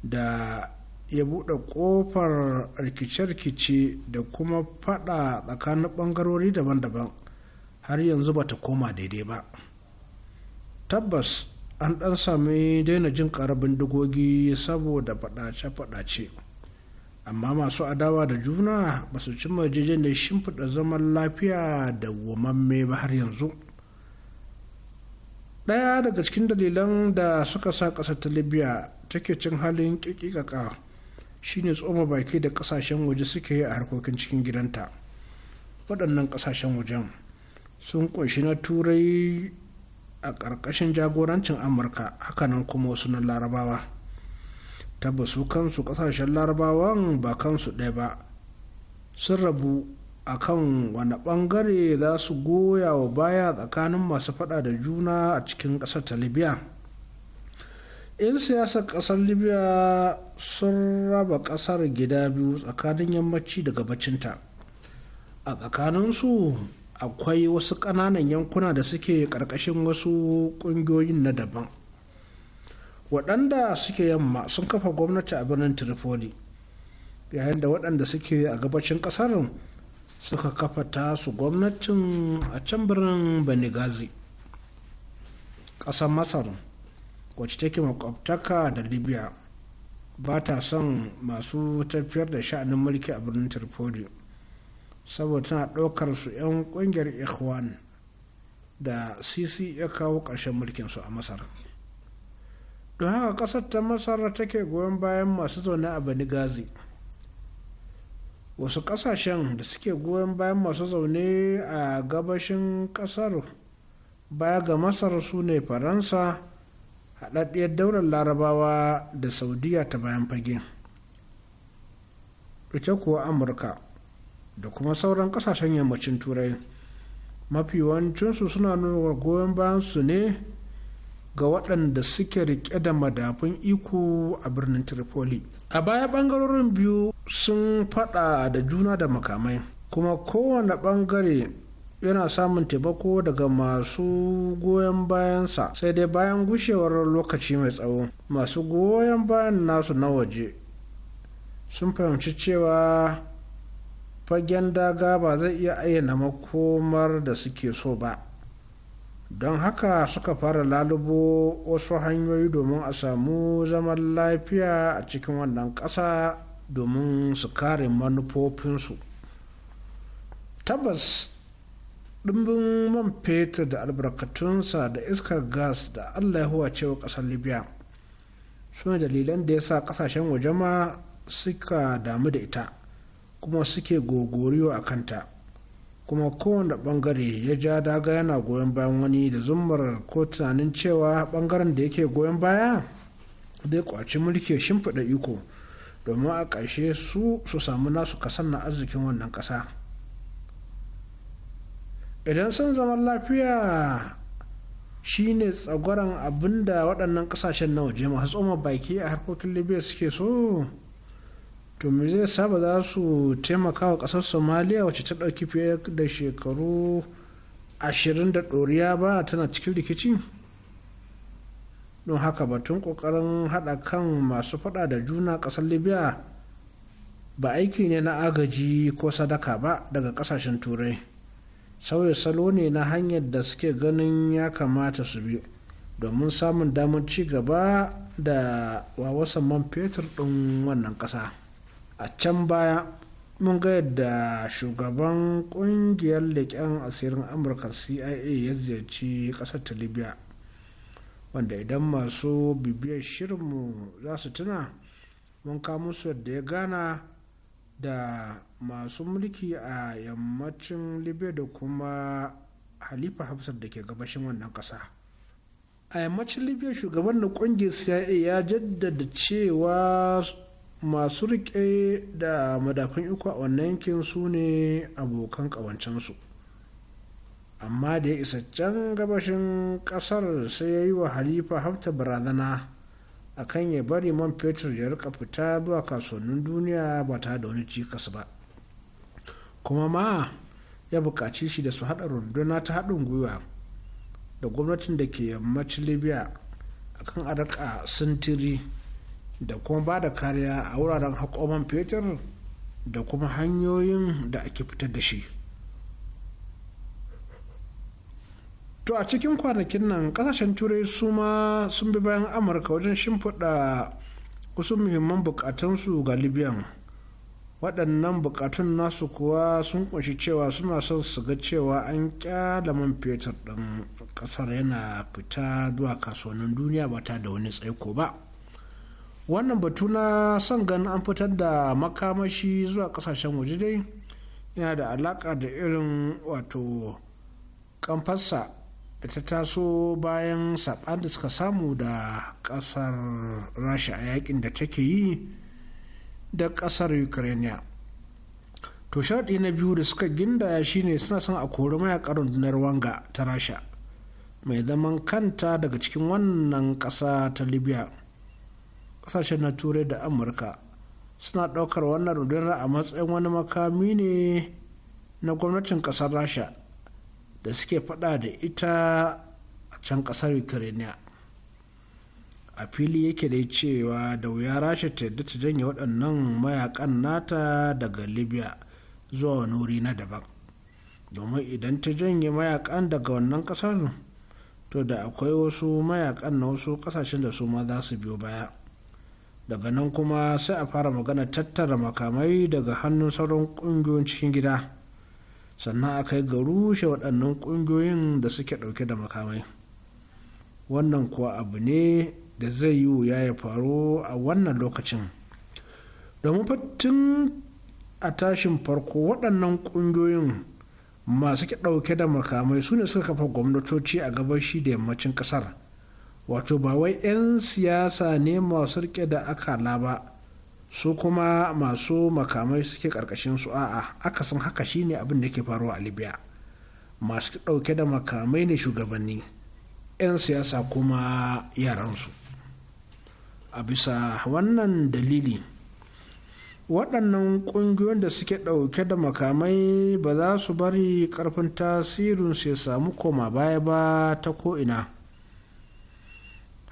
da ya buɗe ƙofar rikice-rikice da kuma fada tsakanin ɓangarori daban-daban har yanzu ba ta koma daidai ba tabbas an ɗan sami daina jin ƙarabin dugogi saboda faɗace-faɗace amma masu adawa da juna ba su cimma da shimfiɗa zaman lafiya da wamamme ba har yanzu ɗaya daga cikin dalilan da suka sa ƙasar ta libya take cin halin ƙiƙiƙaƙa shine tsoma baki da ƙasashen waje suke yi a harkokin cikin gidanta waɗannan ƙasashen wajen sun ƙunshi na turai a ƙarƙashin jagorancin amurka hakanan kuma wasu na larabawa tabbasu kansu ƙasashen larabawan ba kansu ɗaya ba sun rabu a kan wani bangare za su goya wa baya tsakanin masu fada da juna a cikin kasar ta libya yan siyasar kasar libya sun raba kasar gida biyu tsakanin yammaci da gabacinta a tsakaninsu akwai wasu kananan yankuna da suke karkashin wasu kungiyoyin na daban waɗanda suke yamma sun kafa gwamnati a birnin tripoli yayin da waɗanda suke a gabacin ƙasar suka kafa tasu gwamnatin a can birnin benigazi ƙasar masar wacce take makwabtaka da libya ba ta son masu tafiyar da sha'anin mulki a birnin tripoli saboda tana ɗaukar su 'yan ƙungiyar ikhwan da sisi ya kawo ƙarshen mulkin su a masar don haka ƙasar ta masar take goyon bayan masu zaune a benigazi wasu kasashen da suke goyon bayan masu zaune a gabashin kasar baya ga masar su ne faransa haɗaɗɗiyar daular larabawa da saudiya ta bayan fage ita kuwa amurka da kuma sauran kasashen yammacin turai mafi yawancinsu suna nuna goyon bayan su ne ga waɗanda suke rike da madafun iko a birnin tripoli a baya bangarorin biyu sun fada da juna da makamai kuma kowane bangare yana samun taimako daga masu goyon bayansa sai dai bayan gushewar lokaci mai tsawo masu goyon bayan nasu na waje sun fahimci cewa fagen daga ba zai iya ayyana makomar da suke so ba don haka suka fara lalubo wasu hanyoyi domin a samu zaman lafiya a cikin wannan ƙasa domin su kare manufofinsu tabbas ɗimbin man fetur da albarkatunsa da iskar gas da allah ya huwace wa ƙasar libya su ne dalilan da ya sa ƙasashen waje ma suka damu da ita kuma suke gogoriyo a kanta kuma kowane bangare ya ja daga yana goyon bayan wani da zumar ko tunanin cewa bangaren da yake goyon baya zai kwaci mulki ya shimfiɗa iko domin a ƙarshe su su samu nasu kasan na arzikin wannan ƙasa idan sun zaman lafiya shine tsagoran abinda waɗannan ƙasashen na waje masu tsoma baki a harkokin libya suke so to me zai saba za su taimaka wa ƙasar somaliya wacce ta ɗauki fiye da shekaru ashirin da ɗoriya ba tana cikin rikici don haka batun ƙoƙarin haɗa kan masu faɗa da juna ƙasar libya ba aiki ne na agaji ko sadaka ba daga ƙasashen turai sauya salo ne na hanyar da suke ganin ya kamata su bi domin samun damar ci gaba da wawasan man fetur ɗin wannan ƙasa. a can baya mun ga yadda shugaban kungiyar leƙen asirin amurka cia ya ziyarci ƙasar ta libya wanda idan masu bibiyar shirinmu za su tuna mun kamo su da ya gana da masu mulki a yammacin libya da kuma halifa hafsar da ke gabashin wannan ƙasa a yammacin libya shugaban da kungiyar cia ya jaddada cewa masu riƙe da madafan iko a wannan yankin su ne abokan ƙawancensu amma da ya isa can gabashin ƙasar sai ya yi wa halifa hafta barazana a kan ya bari man fetur ya rika fita zuwa kasuwannin duniya ba ta da wani cikas ba kuma ma ya buƙaci shi da su haɗa runduna ta haɗin gwiwa da gwamnatin da ke yammacin libya akan a sintiri da kuma ba da kariya a wuraren haƙoman fetur da kuma hanyoyin da ake fitar da shi to a cikin kwanakin nan kasashen turai su ma sun bi bayan amurka wajen shimfiɗa wasu muhimman bukatunsu ga libyan waɗannan bukatun nasu kuwa sun kunshi cewa suna son su ga cewa an kyala man fetur ɗin ƙasar yana fita zuwa kasuwannin duniya ba ta da wani tsaiko ba wannan batu na son ganin an fitar da makamashi zuwa kasashen waje dai yana da alaka da irin wato kamfarsa da ta taso bayan saɓan da suka samu da ƙasar rasha a yakin da take yi da ƙasar ukraine to sharɗi na biyu da suka gindaya shine suna son a kori mayakan rundunar wanga ta rasha mai zaman kanta daga cikin wannan ƙasa ta libya kasashen na turai da amurka suna ɗaukar wannan rundunar a matsayin wani makami ne na gwamnatin ƙasar rasha da suke faɗa da ita a can ƙasar ukraine a fili yake da cewa da wuya rasha ta yadda ta janye waɗannan mayakan nata daga libya zuwa wani na daban domin idan ta janye mayakan daga wannan ƙasar to da akwai wasu mayakan na wasu ƙasashen da su ma za su biyo baya daga nan kuma sai a fara magana tattara makamai daga hannun sauran kungiyoyin cikin gida sannan a kai ga rushe waɗannan ƙungiyoyin da suke ɗauke da makamai wannan kuwa abu ne da zai yi wuya ya faru a wannan lokacin domin fatin a tashin farko waɗannan ƙungiyoyin masu ke ɗauke da makamai su ne suka kafa gwamnatoci a gabashi da yammacin ƙasar wato ba wai 'yan siyasa ne masu rike da akala ba su kuma masu makamai suke karkashin su a'a akasin haka shine abin da ke faruwa a libya masu ɗauke da makamai ne shugabanni 'yan siyasa kuma yaransu a bisa wannan dalili waɗannan ƙungiyoyin da suke ɗauke da makamai ba za su bari ƙarfin tasirin su ya samu koma baya ba ta ko'ina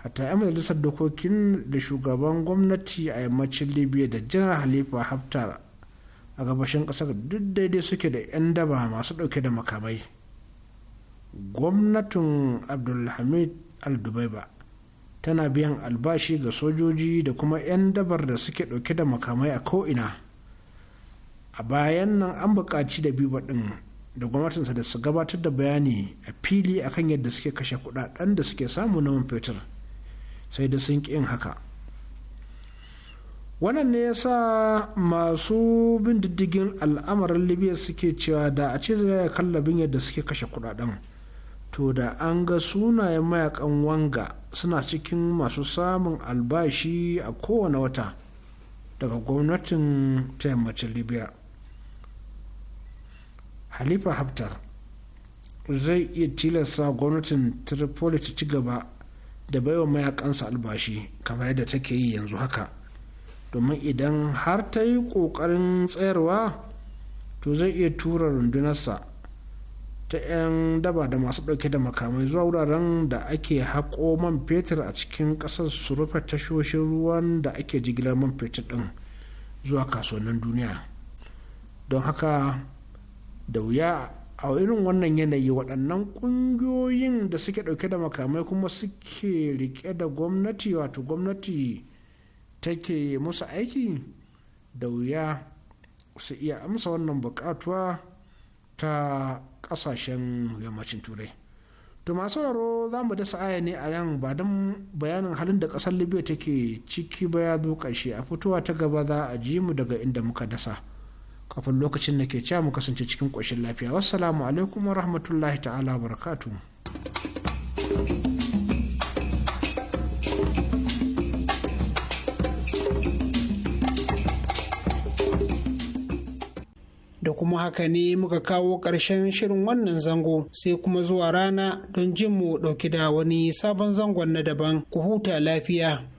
hatta 'yan majalisar dokokin da shugaban gwamnati a yammacin libya da janar halifa haftar a gabashin kasar duk daidai suke da 'yan daba masu dauke da makamai gwamnatin abdulhamid al dubaiba tana biyan albashi ga sojoji da kuma 'yan dabar da suke dauke da makamai a ko'ina a bayan nan an buƙaci da biyu ɗin da gwamnatinsa da su gabatar da bayani a fili akan yadda suke kashe kudaden da suke samu na fetur. sai da sun ƙin haka wannan ne ya sa masu bin diddigin al'amarin libya suke cewa da a ce zai kallabin yadda suke kashe kudaden to da an ga sunayen mayakan wanga suna cikin masu samun albashi a kowane wata daga gwamnatin ta yammacin libya halifa haftar zai iya tilasta gwamnatin tripoli ta ci gaba da baiwa mayakansa albashi kamar yadda take yi yanzu haka domin idan har ta yi ƙoƙarin tsayarwa to zai iya tura rundunarsa ta 'yan daba da masu ɗauke da makamai zuwa wuraren da ake haƙo man fetur a cikin ƙasar su rufe tashoshin ruwan da ake jigilar man fetur ɗin zuwa kasuwannin duniya don haka da wuya a irin wannan yanayi waɗannan ƙungiyoyin da suke ɗauke da makamai kuma suke rike da gwamnati wato gwamnati take musu aiki da wuya su iya amsa wannan buƙatuwa ta ƙasashen yammacin turai to masu sauraro za mu dasa aya ne a nan ba don bayanin halin da ƙasar libya take ciki ba ya zo ƙarshe a fitowa ta gaba za a ji mu daga inda muka dasa. kafin lokacin da ke cewa mu kasance cikin ƙoshin lafiya wassalamu alaikum wa rahmatullahi ta'ala wa da kuma haka ne muka kawo ƙarshen shirin wannan zango sai kuma zuwa rana don jin mu ɗauki da wani sabon zangon na daban ku huta lafiya